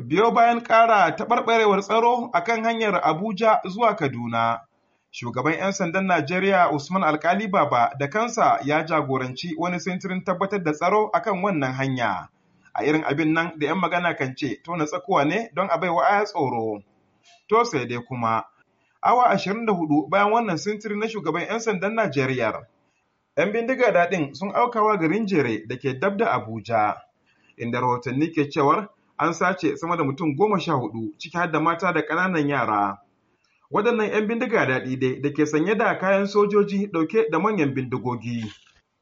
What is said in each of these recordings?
biyo bayan ƙara taɓarɓarewar tsaro a kan hanyar Abuja zuwa Kaduna. Shugaban 'yan sandan Najeriya Usman Alkali Baba da kansa ya jagoranci wani sintirin tabbatar da tsaro a kan wannan hanya. A irin abin nan da 'yan magana kan ce to tona tsakuwa ne don a baiwa aya tsoro. To sai dai kuma, awa hudu bayan wannan sintiri na shugaban 'yan sandan Najeriya. 'Yan bindiga daɗin sun aukawa garin jere da ke dab da Abuja, inda rahotanni ke cewar an sace sama da mutum goma sha hudu ciki har da mata da ƙananan yara. Waɗannan 'yan bindiga daɗi dai da ke sanye da kayan sojoji ɗauke da manyan bindigogi.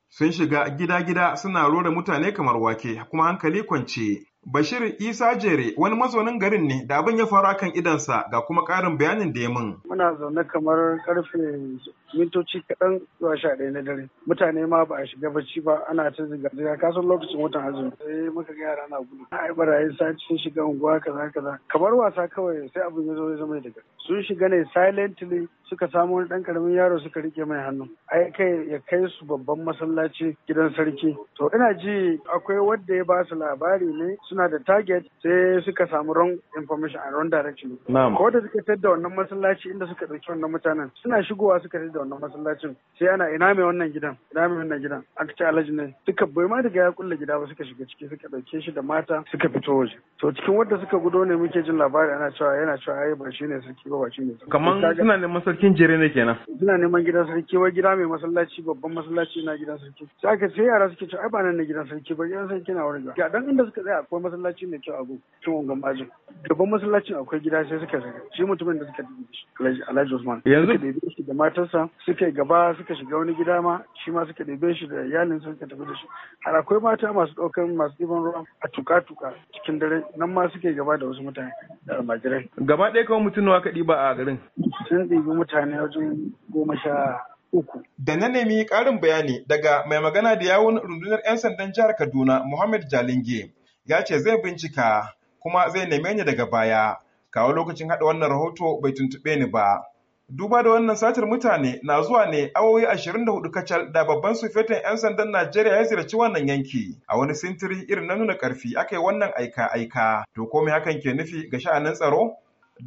Sun shiga gida-gida suna rora mutane kamar wake kuma hankali kwance. Bashir Isa Jere wani mazaunin garin ne da abin ya faru akan idansa ga kuma ƙarin bayanin da ya min. Muna zaune kamar karfe mintoci kaɗan zuwa sha ɗaya na dare. Mutane ma ba a shiga bacci ba ana ta ziga-ziga kasan lokacin watan azumi. Sai eh, muka ga yara na gudu. Ai barayi sun shiga unguwa kaza kaza. Kamar wasa kawai sai abin ya zo ya zama daga. Sun shiga ne silently suka samu wani ɗan karamin yaro suka rike mai hannu ai kai ya kai su babban masallaci gidan sarki to ina ji akwai wanda ya ba su labari ne suna suna da target sai suka samu wrong information and wrong direction ko da suka sayar da wannan masallaci inda suka ɗauki wannan mutanen suna shigowa suka sayar da wannan masallacin sai ana ina mai wannan gidan ina mai wannan gidan aka ce alhaji ne suka bai ma daga ya kulle gida ba suka shiga ciki suka ɗauke shi da mata suka fito waje to cikin wanda suka gudo ne muke jin labari ana cewa yana cewa ai ba shi ne sarki ba ba shi ne kaman suna neman sarkin jere ne kenan suna neman gidan sarki wai gida mai masallaci babban masallaci na gidan sarki sai aka sai yara suke cewa ai ba nan na gidan sarki ba gidan sarki na wurin ga dan inda suka tsaya akwai Gaban masallaci ne kyau a gun wangan gaban masallacin akwai gida sai suka shiga shi mutumin da suka dubi shi alhaji usman yanzu da ɗebe shi da matarsa suka gaba suka shiga wani gida ma shi ma suka ɗebe shi da iyalin suka tafi da shi har akwai mata masu daukan masu diban ruwa a tuka-tuka cikin dare nan ma suke gaba da wasu mutane da almajirai gaba ɗaya kawai mutum nawa ka diba a garin sun ɗibi mutane wajen goma sha uku. Da na nemi ƙarin bayani daga mai magana da yawon rundunar 'yan sandan jihar Kaduna Muhammad Jalinge ya ce zai bincika kuma zai neme ni daga baya kawo lokacin haɗa wannan rahoto bai tuntuɓe ni ba duba da wannan satar mutane na zuwa ne awowi 24 kacal da babban sufetin 'yan sandan Najeriya ya ziyarci wannan yanki a wani sintiri irin na nuna ƙarfi aka yi wannan aika-aika to komai hakan ke nufi ga sha'anin tsaro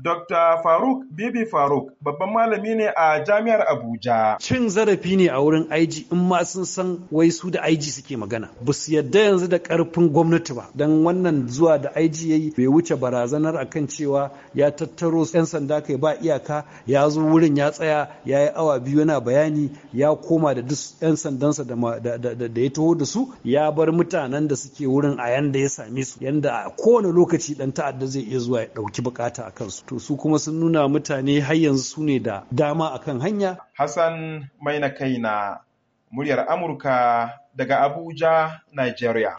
Dr. Faruk Bibi Faruk babban malami ne a jami'ar Abuja. Cin zarafi ne a wurin IG in ma sun san wai su da IG suke magana. Ba su yadda yanzu da karfin gwamnati ba. Dan wannan zuwa da IG yi bai wuce barazanar akan cewa ya tattaro 'yan sanda kai ba iyaka ya zo wurin ya tsaya ya yi awa biyu yana bayani ya koma da duk 'yan sandansa da ya taho da su ya bar mutanen da suke wurin a yanda ya same su yanda a kowane lokaci dan ta'adda zai iya zuwa ya ɗauki bukata a kansu. to su kuma sun nuna mutane har yanzu su ne da dama akan hanya hassan mai na kai na muryar amurka daga abuja nigeria